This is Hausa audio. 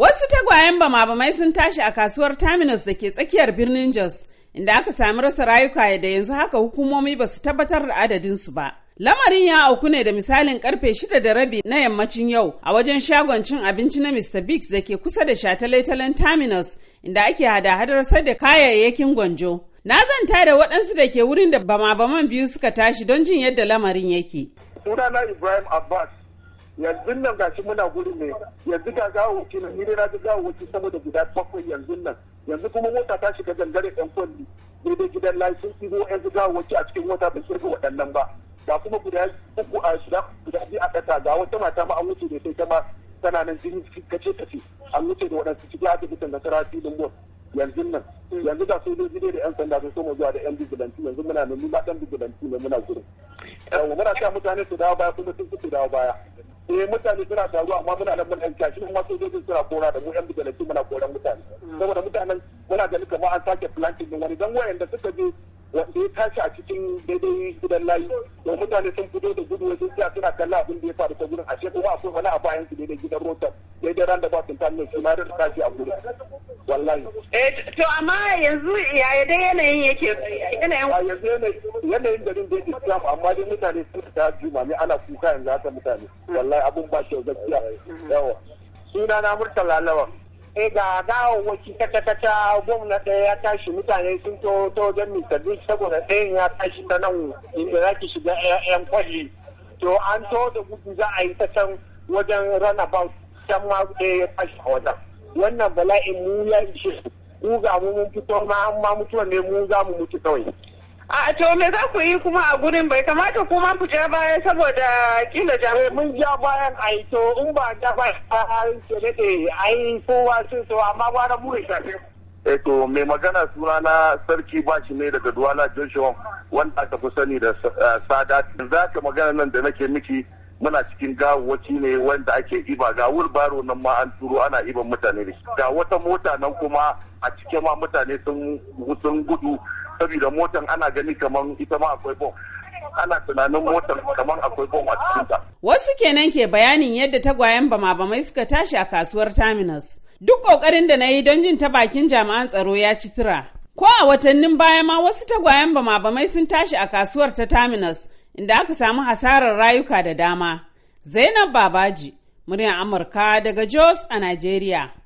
Wasu tagwayen bama-bamai sun tashi a kasuwar Terminus da ke tsakiyar birnin Jos, inda aka sami rasa rayuka da yanzu haka hukumomi ba su tabbatar da adadinsu ba. Lamarin ya auku ne da misalin karfe shida da rabi na yammacin yau a wajen shagon cin abinci na Mr. Biggs da ke kusa da shataletalen Terminus inda ake hada-hadar da kayayyakin gwanjo. Na zanta da waɗansu da ke wurin da bama-baman biyu suka tashi don jin yadda lamarin yake. Sunana Ibrahim Abbas yanzu nan shi muna guri ne yanzu ga gawawaki nan ni dai na ji gawawaki sama da guda bakwai yanzu nan yanzu kuma mota ta shiga gangare ɗan kwalli daidai gidan layi sun ɗigo yanzu gawawaki a cikin mota bai kirga waɗannan ba ga kuma guda uku a shida guda biyu a ƙasa ga wata mata ma an wuce da sai ta ma tana nan jini kace kace an wuce da waɗansu cikin asibitin da sara filin bon yanzu nan mm. yanzu ga sojoji ne da yan sanda sun soma zuwa da yan bigilanti yanzu muna nan ba ɗan bigilanti ne muna gurin. muna sa mutane su dawo baya kuma sun su dawo baya. eh mutane suna taruwa amma muna nan mun yanka shi kuma sojojin suna kora da mu yan bijalaki muna koran mutane saboda mutanen muna ganin kamar an sake planting din wani dan wayanda suka je wanda ya tashi a cikin daidai gidan layi to mutane sun fito da gudu wajen jiya suna kalla abin da ya faru ta gudun A kuma akwai wani a bayan su daidai gidan rotar daidai ran da ba su tanne su ma da tashi a gudun wallahi. Eh, to amma yanzu yaya dai yanayin yake yanayin. yanzu yanayin garin da yake samu amma dai mutane sun ta ne ana kuka yanzu haka mutane wallahi abun ba shi gaskiya yawa. suna na murtala lawan. e ga ga waki kata gwamna ɗaya ya tashi mutane sun to ta wajen mista duk saboda ɗayan ya tashi ta nan inda za ki shiga yan kwalli to an to da gudu za a yi ta can wajen runabout can ma ɗaya ya tashi a wajen wannan bala'in mu ya ishe ku ga mu mun fito ma an ma mutuwa ne mu za mu mutu kawai A to me za ku yi kuma a gurin bai kamata kuma ku ja baya saboda kila jami'ai. Eh, mun ja bayan ai to in ba ja Ba a daɗe ai kowa sun so amma ba na buri shafe. E to mai magana suna na sarki bashi ne daga Duwala Joshua wanda aka fi sani da eh, Sadat. Za ka magana nan da nake miki muna cikin gawaci ne wanda ake iba ga wulbaro nan ma an turo ana iban mutane da ga wata mota nan kuma a cikin ma mutane sun gudu saboda motan ana gani kamar ita ma akwai bom ana tunanin motan kamar akwai bom a cikinta. Wasu kenan ke bayanin yadda tagwayen bama-bamai suka tashi a kasuwar Terminus. Duk ƙoƙarin da na yi don jin ta bakin jami'an tsaro ya ci tura. Ko a watannin baya ma wasu tagwayen bama-bamai sun tashi a kasuwar ta Terminus inda aka samu hasarar rayuka da dama. Zainab Babaji, muryar Amurka daga Jos a Najeriya.